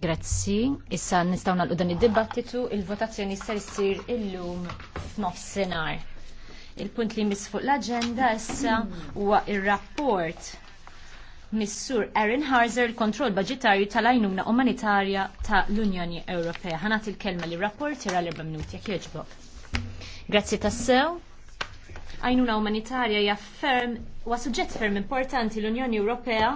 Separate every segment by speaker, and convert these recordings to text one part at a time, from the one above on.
Speaker 1: Grazzi, issa nistgħu nagħlqu dan id-dibattitu, il-votazzjoni issa jsir illum f'nofsinhar. Il-punt li mis fuq l agenda issa huwa ir-rapport Missur Erin Harzer il-kontroll budgetarju tal-għajnuna umanitarja ta' l-Unjoni Ewropea. Ħanat il-kelma li rapport jara l-erba minuti, jek jieġbok. Grazzi tassew. Għajnuna umanitarja hija ferm, wa suġġett ferm importanti l-Unjoni Ewropea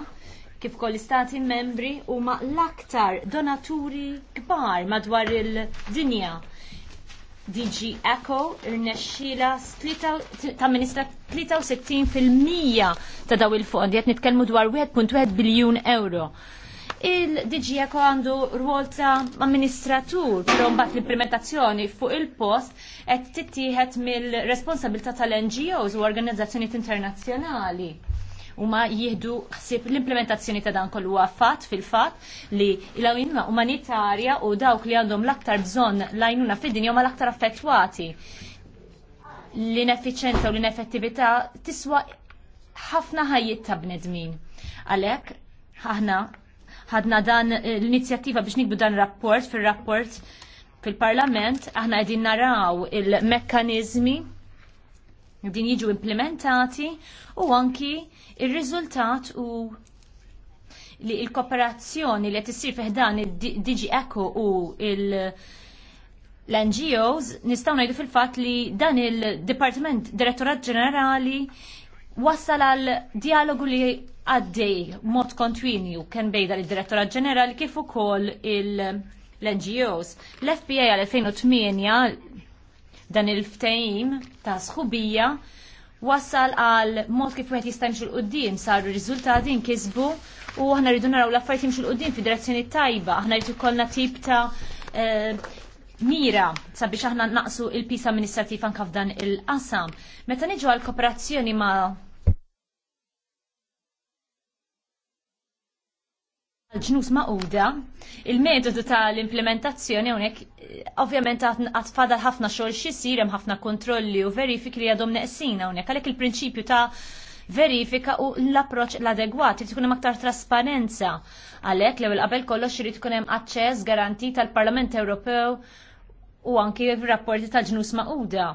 Speaker 1: kif kol istati membri huma l-aktar donaturi kbar madwar il-dinja. DG Echo irnexxila ta' ministra 63% ta' daw il-fondi qed nitkellmu dwar 1.1 biljun euro. Il-DG Echo għandu rwol ta' amministratur, però mbagħad l-implementazzjoni fuq il-post qed tittieħed mill-responsabilità tal-NGOs u organizzazzjonijiet internazzjonali huma jieħdu ħsieb l-implementazzjoni ta' dan kollu għaffat fil-fatt li l-għajnuna umanitarja u dawk li għandhom l-aktar bżonn lajnuna fil fid-dinja huma l-aktar affettwati. L-ineffiċenza u l-ineffettività tiswa ħafna ħajjiet ta' bnedmin. Għalhekk aħna ħadna dan eh, l-inizjattiva biex nikbu dan rapport fil-rapport fil-parlament, aħna għedin naraw il-mekkanizmi din jiġu implementati u anki il-riżultat u li il-kooperazzjoni li qed issir fiħdan id-Digi Echo u il- l-NGOs nistaw ngħidu fil-fatt li dan il-Dipartiment Direttorat Ġenerali wassal għal dialogu li għaddej mod kontwinju kien bejda l-Direttorat Ġenerali kif ukoll il- l-NGOs. L-FBA għal 2008 Dan il-ftehim ta' sħubija wassal għal mod kif wieħed jista' jimxu l-qudiem saru riżultati nkisbu u aħna rridu naraw l-affarijiet jimxu l-qudiem fid-direzzjoni tajba. Aħna rridu kollna tip ta' eh, mira sabiex aħna naqsu il pisa amministrativ anka f'dan il-qasam. Meta niġu għal kooperazzjoni ma' ġnus maquda, il-metodu tal-implementazzjoni unek eh, ovvjament għat fadal ħafna xogħol xisir hemm ħafna kontrolli u verifiki li għadhom neqsina hawnhekk għalek il-prinċipju ta' verifika u l-approċ l-adegwat, jrid ikun hemm aktar trasparenza. Għalhekk l għabel qabel kollox irid ikun hemm aċċess garantit tal-Parlament Ewropew u anki rapporti tal-ġnus maquda.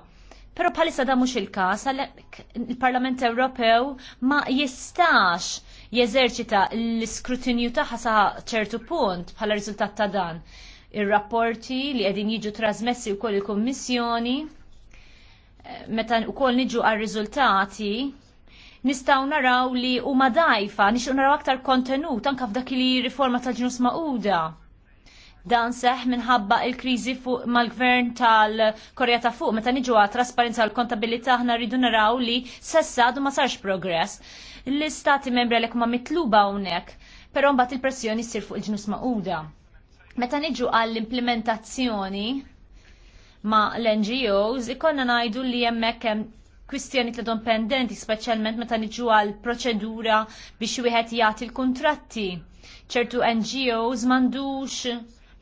Speaker 1: Pero bħalissa da mhux il-każ għalhekk il-Parlament Ewropew ma jistax jeżerċita l-iskrutinju tagħha sa ċertu punt bħala riżultat ta' dan. Ir-rapporti li qegħdin jiġu trasmessi wkoll il-Kummissjoni eh, meta wkoll niġu għar-riżultati nistgħu naraw li huma dajfa, nixqu naraw aktar kontenut anke f'dak li riforma tal-ġnus Magħquda. Dan seħ minħabba il-krizi fuq mal-gvern tal-Korea ta' fuq, meta niġu għat trasparenza l kontabilità aħna rridu naraw li sessa du ma sarx progress. L-istati membri għalek ma mitluba unek, pero mbagħad il-pressjoni ssir fuq il-ġnus maquda. Meta niġu għall-implementazzjoni ma l-NGOs, ikonna najdu li jemmek kwistjoni ta' pendenti, speċjalment meta niġu għal proċedura biex wieħed jagħti l-kuntratti. ċertu NGOs m'għandux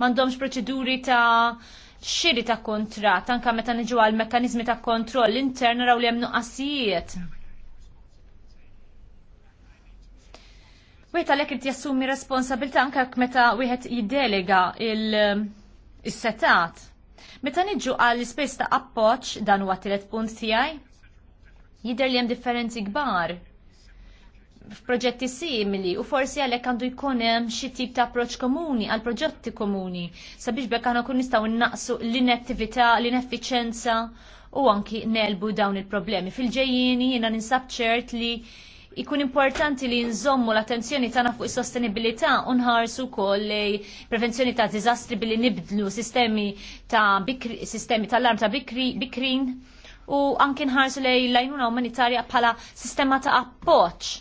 Speaker 1: m'għandhomx proċeduri ta' xiri ta' kontrat, anka meta niġu għal mekanizmi ta' kontroll intern raw li hemm nuqqasijiet. Wieħed għalhekk irid jassumi responsabilta anke meta wieħed jiddelega il-setat. Meta niġu għal ispejs ta' appoġġ dan huwa tielet punt tiegħi, jidher li hemm differenzi kbar f'proġetti simili u forsi għalhekk għandu jkun hemm xi tip ta' approċċ komuni għal proġetti komuni sabiex bekk aħna kun nistgħu innaqsu l-inattività, l-ineffiċenza u anki nelbu dawn il-problemi. Fil-ġejjieni jiena ninsab ċert li ikun importanti li nżommu l-attenzjoni tagħna fuq is-sostenibilità u nħarsu wkoll lejn prevenzjoni ta' diżastri billi nibdlu sistemi ta' bikri, sistemi tal-arm ta' bikri, bikrin u anke nħarsu lej lajnuna umanitarja bħala sistema ta' appoġġ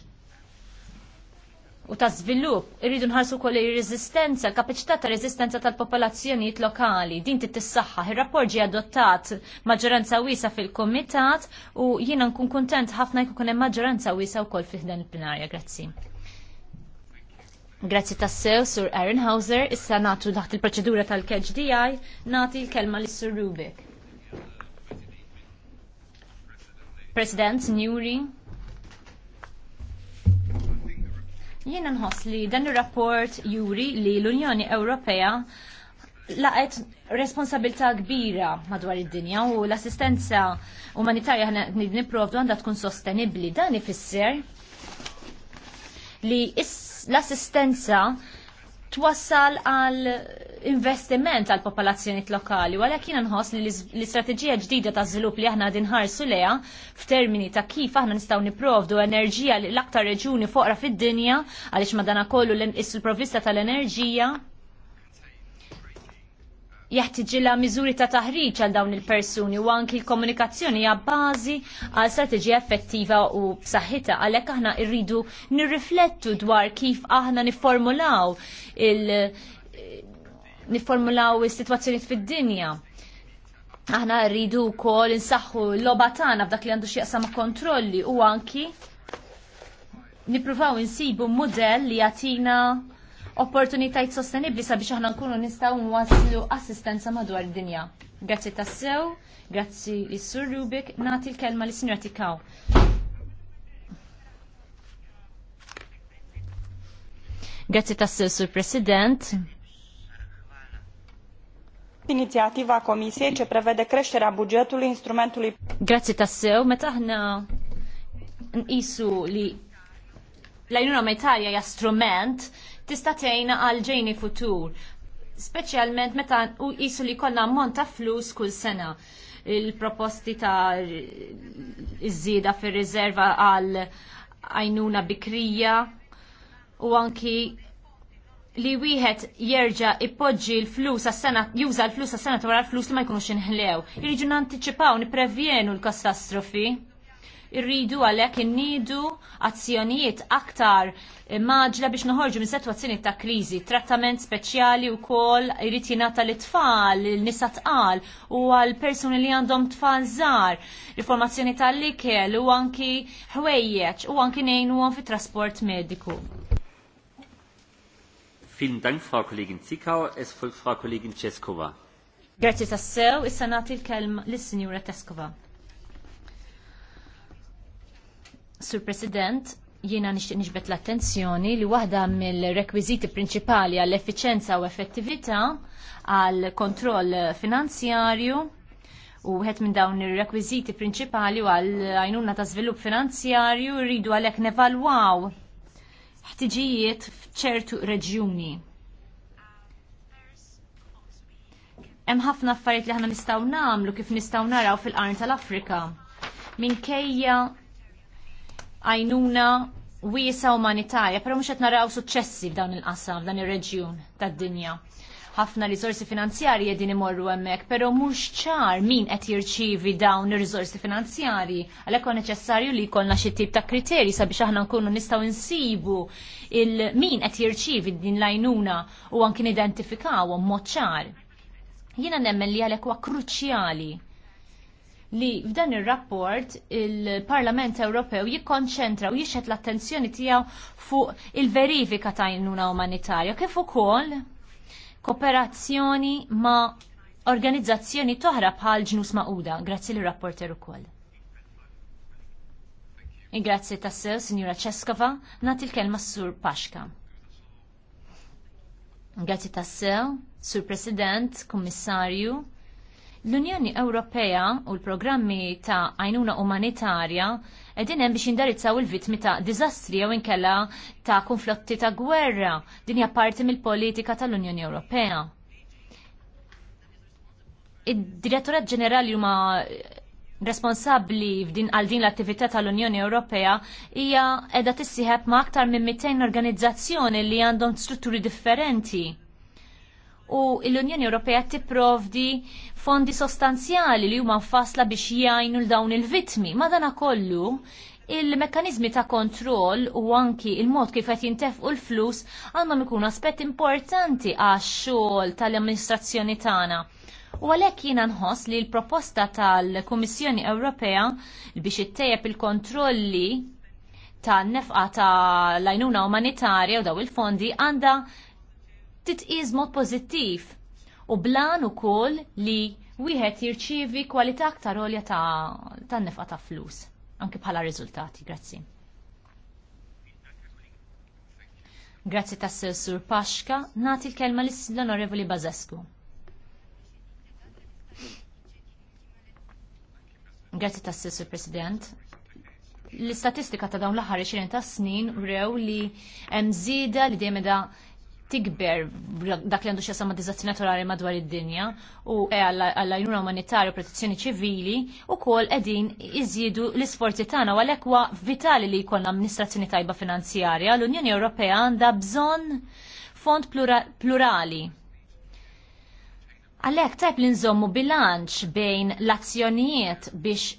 Speaker 1: u ta' żvilupp irridu nħarsu wkoll ir rezistenza kapaċità ta' rezistenza tal-popolazzjonijiet lokali. Din tissaħħa. Ir-rapport ġie adottat maġġoranza wiesa fil-kumitat u jiena nkun kuntent ħafna jkun hemm maġġoranza wiesa wkoll fih dan il-plenarja. Grazzi. Grazzi tassew sur Aaron Hauser, issa natu daħt il-proċedura tal DI nati l-kelma lis sur Rubik. President, Newry, Jiena nħoss li dan ir-rapport juri li l-Unjoni Ewropea laqet responsabilità kbira madwar id-dinja u l-assistenza umanitarja ħna niprovdu għandha tkun sostenibbli. Dan ifisser li l-assistenza twassal għal investiment għal popolazzjoni lokali, għalhekk jiena nħoss li l istrategija ġdida ta' żvilupp li aħna din ħarsu f'termini ta' kif aħna nistgħu nipprovdu enerġija l-aktar reġuni foqra fid-dinja għaliex madana kollu l-provvista tal-enerġija jeħtiġila miżuri ta' taħriġ għal dawn il-persuni u anki l-komunikazzjoni hija bażi għal strateġija effettiva u b'saħħitha għalhekk aħna rridu nirriflettu dwar kif aħna nifformulaw il nifformulaw is-sitwazzjoni fid-dinja. Aħna rridu wkoll insaħħu l-logħba tagħna f'dak li għandu x'jaqsam kontrolli u anki nippruvaw insibu mudell li jagħtina opportunitajt sostenibli sabiex aħna nkunu nistgħu nwasslu assistenza madwar id-dinja. Grazzi tassew, grazzi is-Sur Rubik, Nati l-kelma li sinjor Tikaw. Grazzi tassew, Sur President. Inizjativa komisje ċe prevede li instrumentu li... Grazzi tassew, meta aħna nqisu li l-għajnuna monetarja hija strument tista' tgħinna għal ġejni futur, speċjalment meta u qisu li jkollna ammont ta' flus kull sena il-proposti ta' iż-żieda fir riżerva għal għajnuna bikrija u anki li wieħed jerġa' ippoġġi l-flus għas-sena juża l-flus għas-sena wara l-flus li ma jkunux inħlew. Irridu nanticipaw, nipprevjenu l-katastrofi. Irridu għalhekk innidu azzjonijiet aktar maġla biex noħorġu minn situazzjoni ta' kriżi, trattament speċjali wkoll irid jingħata li tfal il-nisa tqal u għal persuni li għandhom tfal żgħar, riformazzjoni tal-ikel u anki ħwejjeġ u anki u fit-trasport mediku. Vielen Dank, Frau Kollegin Zikau. Es folgt Frau Kollegin Ceskova. Grazie tassew, issa nagħti l-kelma lis sinjura Teskova. Sur President, jiena nixtieq nixbet l-attenzjoni li waħda mill-rekwiżiti prinċipali għall effiċenza u effettività għal kontroll finanzjarju u wieħed minn dawn ir-rekwiżiti prinċipali għall għal għajnuna ta' żvilupp finanzjarju rridu għalhekk nevalwaw ħtiġijiet f'ċertu reġjuni. Hemm ħafna affarijiet li aħna nistgħu nagħmlu kif nistgħu naraw fil-qarn tal-Afrika. Minkejja għajnuna wiesa umanitarja, pero mhux qed naraw suċċessi f'dawn il-qasam, f'dan ir-reġjun tad-dinja ħafna risorsi finanzjarji din imorru hemmhekk, però mhux ċar min qed jirċievi dawn ir-risorsi finanzjarji. Għalhekk huwa neċessarju li jkollna xi tip ta' kriterji sabiex aħna nkunu nistgħu insibu il min qed jirċievi din l u għankin identifikaw mod ċar. Jiena nemmen li għalhekk huwa kruċjali li f'dan ir-rapport il-Parlament Ewropew jikkonċentra u jixħet l-attenzjoni tiegħu fuq il-verifika ta' għajnuna umanitarja kif ukoll kooperazzjoni ma' organizzazzjoni toħra bħal ġnus Mauda. Grazzi l-rapporter ukoll. Grazzi tassew, Signora Ceskova, nati l-kelma s-Sur Paxka. Grazzi tassew, Sur President, Kommissarju, L-Unjoni Ewropea u l-programmi ta' għajnuna umanitarja edin hemm biex jindarizzaw il-vittmi ta' diżastri jew inkella ta' konflotti ta' gwerra din hija parti mill-politika tal-Unjoni Ewropea. Id-Direttorat Ġenerali huma responsabbli f'din għal din l-attività tal-Unjoni Ewropea hija qiegħda tissieħeb ma' aktar minn 200 organizzazzjoni li għandhom strutturi differenti. U l-Unjoni Ewropea tipprovdi fondi sostanzjali li huma fasla biex jgħinu l dawn il-vitmi. Madana kollu, il-mekkanizmi ta' kontroll u anki il-mod kif qed jintefqu l-flus għandhom ikun aspett importanti għax xogħol tal-amministrazzjoni tagħna. U għalhekk jiena nħoss li l-proposta tal-Kummissjoni Ewropea biex ittejjeb il-kontrolli tan nefqa ta' lajnuna umanitarja u daw il-fondi għandha titqis mod pożittiv u blan kol li wieħed jirċievi kwalità aktar għolja ta' nefqa ta' flus, anke bħala riżultati. Grazzi. Grazzi tas Sur Paxka, nagħti l-kelma l-Onorevoli Bazescu. Grazzi tas Sur President. L-istatistika ta' dawn l-aħħar 20 ta' snin rew li hemm żieda li dejjem tikber dak li għandu xi dizazzi naturali madwar id-dinja u e għall-għajnuna umanitarju protezzjoni ċivili u kol edin iżjidu l-isforzi tagħna u għalhekk huwa vitali li jkollna amministrazzjoni tajba finanzjarja l-Unjoni Ewropea għandha bżonn fond plura plurali. Għalhekk tajb li nżommu bilanċ bejn l-azzjonijiet biex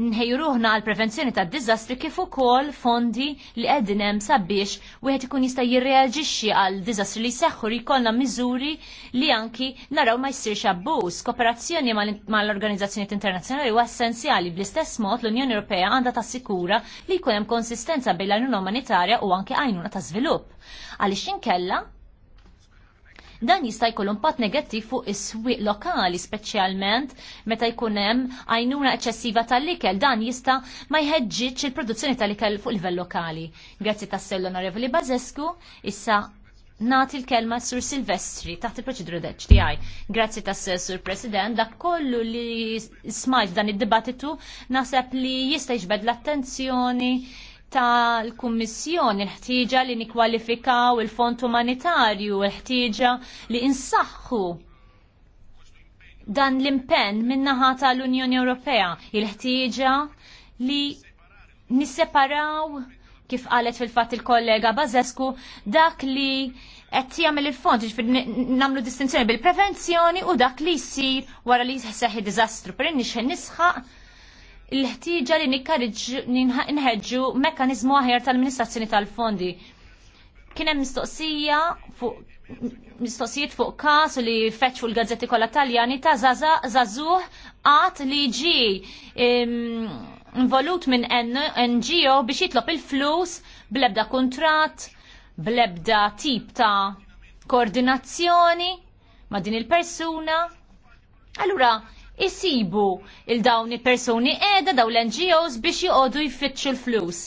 Speaker 1: nħejruħna għal prevenzjoni ta' dizastri kif ukoll fondi li qegħdin hemm sabiex wieħed ikun jista' jirreaġixxi għal dizastri li jseħħu jkollna miżuri li anki naraw ma jsirx abbuż. Kooperazzjoni mal-organizzazzjonijiet internazzjonali huwa essenzjali bl-istess mod l-Unjoni Ewropea għandha tassikura li jkun hemm konsistenza bejn l-għajnuna umanitarja u anke għajnuna ta' żvilupp. Għaliex inkella Dan jista' jkollu impatt negattiv fuq is-swieq lokali speċjalment meta jkun hemm għajnuna eċċessiva tal-ikel. Dan jista' ma jħeġġitx il-produzzjoni tal-ikel fuq livell lokali. Grazzi tas-sellu Onorevoli Bazescu, issa nati l-kelma Sur Silvestri taħt il d-HDI. Grazzi tassel Sur President, dak kollu li smajt dan id-dibattitu naħseb li jista' jġbed l-attenzjoni tal-Kummissjoni, l-ħtieġa li nikwalifikaw il-fond umanitarju, l-ħtieġa li insaħħu dan l-impenn min-naħa tal-Unjoni Ewropea, il-ħtieġa li nisseparaw kif qalet fil-fatt il-kollega Bazesku dak li qed jagħmel il-fond nagħmlu distinzjoni bil-prevenzjoni u dak li jsir wara li jseħħi diżastru. Per nixħen nisħaq l-ħtieġa li nħedġu mekkaniżmu aħjar tal ministrazzjoni tal-fondi. Kien hemm mistoqsija fuq mistoqsijiet fuq każ li feċ fuq il-gazzetti kollha Taljani ta' Zazuh qatt li ġi involut minn NGO biex jitlob il-flus blebda kuntratt, blebda tip ta' koordinazzjoni ma' din il-persuna. Allura, isibu il-dawn il-personi edha daw l-NGOs biex joqogħdu jfittxu l-flus.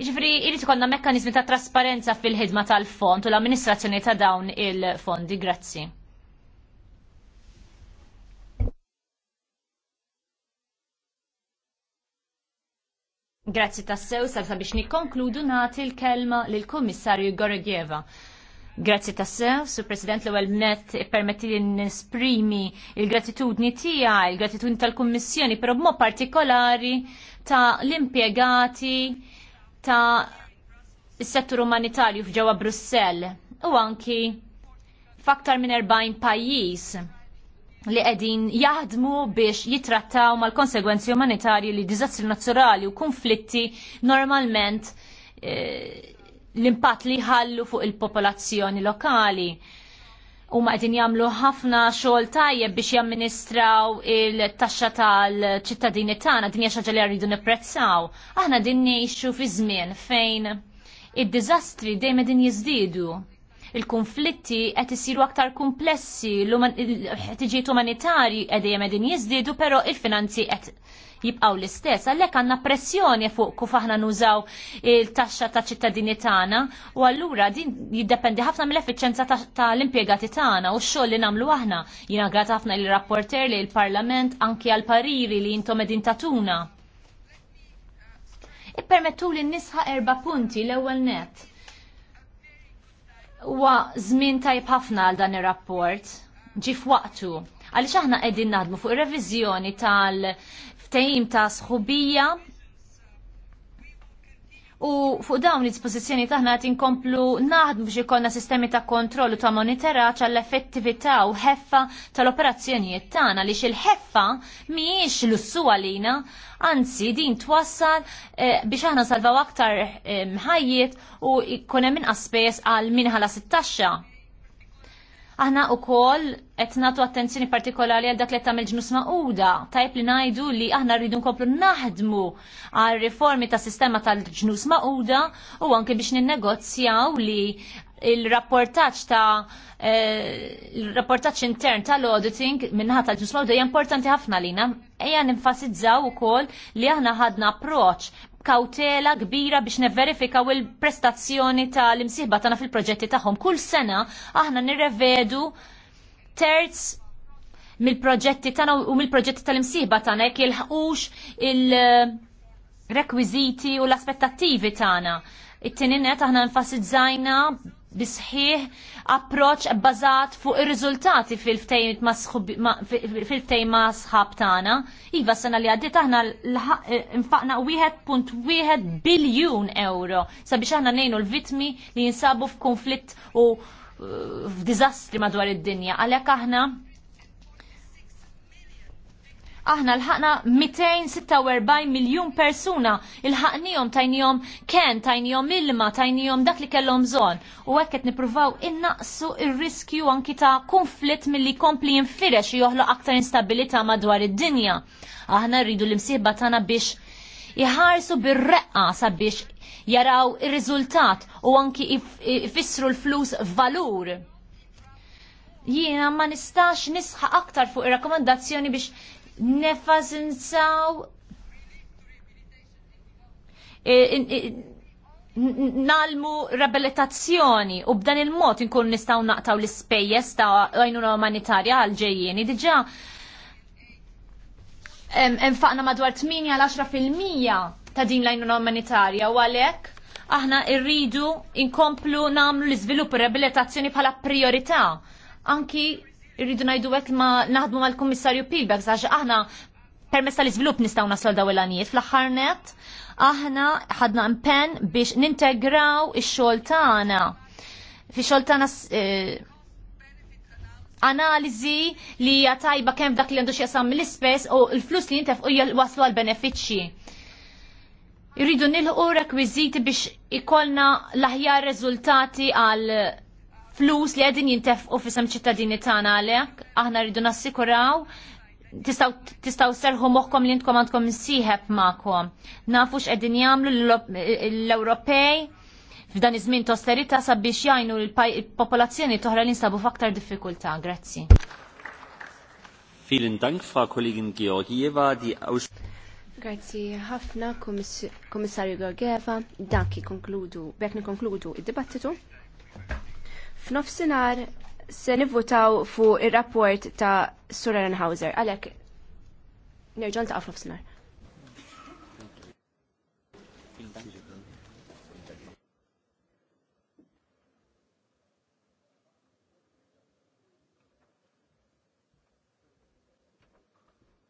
Speaker 1: Iġifri, irrit konna mekkanizmi ta' trasparenza fil-ħidma tal-fond u l-amministrazzjoni ta' dawn il-fondi. Grazzi. Grazzi tassew, salsa biex nikkonkludu nagħti l-kelma lill-Kummissarju Gorgieva. Grazzi tassew, su President l ewwel net permetti li nesprimi il-gratitudni tija, il-gratitudni tal-Kommissjoni, pero b'mod partikolari ta' l-impiegati ta' il settur umanitarju f'ġewwa Brussell u anki f'aktar minn 40 pajjiż li qegħdin jaħdmu biex jitrattaw mal-konsegwenzi umanitarji li diżastri naturali u konflitti normalment eh, l-impatt li ħallu fuq il-popolazzjoni lokali u ma għedin jamlu ħafna xogħol tajjeb biex jamministraw il-taxxa tal-ċittadini tagħna din hija ħaġa li rridu nipprezzaw. Aħna din ngħixu fi żmien fejn id-diżastri dejjem din jiżdiedu il-konflitti qed isiru aktar komplessi, l-ħtiġijiet umanitarji qegħdejjem qegħdin jiżdiedu, però il-finanzi qed jibqgħu l-istess. Għalhekk għandna pressjoni fuq kuf aħna nużaw il-taxxa ta' ċittadini tagħna u allura din jiddependi ħafna mill-effiċenza tal-impjegati tagħna u x-xogħol li nagħmlu aħna. Jiena grat ħafna lir rapporter li l-Parlament anki għal pariri li jintom qegħdin tatuna. Ippermettu li nisħa erba punti l-ewwel net Wa żmien tajb ħafna għal dan ir-rapport ġif f'waqtu għaliex aħna qegħdin naħdmu fuq ir-reviżjoni tal-ftehim ta' sħubija U fuq dawn l ispożizzjoni taħna qed inkomplu naħdmu biex ikollna sistemi ta' kontrollu ta' monitoraġġ għall effettività u ħeffa tal-operazzjonijiet tagħna li il-ħeffa mhijiex lussu għalina, anzi din twassal eh, biex aħna salvaw aktar eh, u jkun hemm inqas spejjeż għal minħala sit-taxxa Aħna u kol qed nagħtu attenzjoni partikolari għal dak li tagħmel ġnus maquda. Tajb li ngħidu li aħna rridu nkomplu naħdmu għal riformi ta' sistema tal-ġnus maquda u anke biex ninnegozjaw li il-rapportaċ ta' eh, il-rapportaċ intern tal-auditing minnaħat tal-ġnus maquda hija importanti ħafna lina. Ejja nenfasizzaw ukoll li aħna ħadna approċ kawtela kbira biex neverifikaw il-prestazzjoni tal-imsieħba tagħna fil-proġetti tagħhom. Kull sena aħna nirrevedu terz mill-proġetti tagħna u mill-proġetti tal-imsieħba tagħna jekk ilħqux il-rekwiżiti u l-aspettattivi tagħna. It-tieni net aħna nfasizzajna bisħieħ approċ bazat fuq ir-riżultati fil-ftejn ma' sħab tagħna. Iva sena li għaddiet aħna eh, nfaqna 1.1 biljun euro sabiex aħna ngħinu l-vitmi li jinsabu f'konflitt u eh, f'diżastri madwar id-dinja. Għalhekk aħna aħna l-ħakna 246 miljon persuna il-ħaknijom tajnijom ken, tajnijom ilma, tajnijom dak li kellhom bżonn. U għekket nipruvaw innaqsu il-riskju anki ta' konflitt mill-li kompli u joħloq aktar instabilita madwar id-dinja. Aħna rridu l-imsiħba tana biex jħarsu bir-reqqa sabiex jaraw ir-riżultat u anki jfissru l-flus valur. Jiena ma nistax nisħa aktar fuq ir-rakkomandazzjoni biex nefas insaw e, nalmu rabilitazzjoni u b'dan il-mod inkun nistaw naqtaw l-ispejjeż ta' għajnuna umanitarja għal ġejjeni diġa' enfaqna madwar 8 għal 10% ta' din l-għajnuna umanitarja u għalhekk aħna rridu inkomplu namlu l-iżvilupp rabilitazzjoni bħala priorità anki irridu najdu għet ma naħdmu mal kummissarju Pilbex, għax aħna permessa li iżvilupp nistaw nasol daw l-għanijiet fl ħarnet net, aħna ħadna impen biex nintegraw ix-xogħol tagħna. Fi xoltana analizi eh, analiżi li hija tajba kemm dak li għandu x'jasam l ispess u l-flus li jintef u waslu għal benefiċċji. Irridu nilħu rekwiżiti biex ikollna l-aħjar riżultati għal flus li għedin jintefqu fisem ċittadini tagħna għalhekk, aħna rridu nassikuraw tistaw, serħu moħkom li jintkom għandkom nsiħeb maħkom. Nafu x'qegħdin jagħmlu l-Ewropej f'dan iż-żmien tosterita sabiex jajnu l-popolazzjoni toħra li nsabu f'aktar diffikultà. Grazzi. Vielen Dank, Frau Kollegin Georgieva. Die Aus Grazzi ħafna, Kommissarju Georgieva. Dak konkludu, bekni konkludu id-dibattitu. F'nofsinhar se nivvutaw fuq ir-rapport ta' Hauser, għalhekk nerġa' ntaqaf f'nofsinhar.